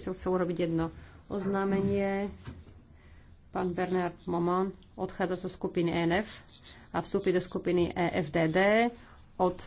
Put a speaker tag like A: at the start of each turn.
A: som chcel urobiť jedno oznámenie. Pán Bernard Momon odchádza zo skupiny ENF a vstúpi do skupiny EFDD od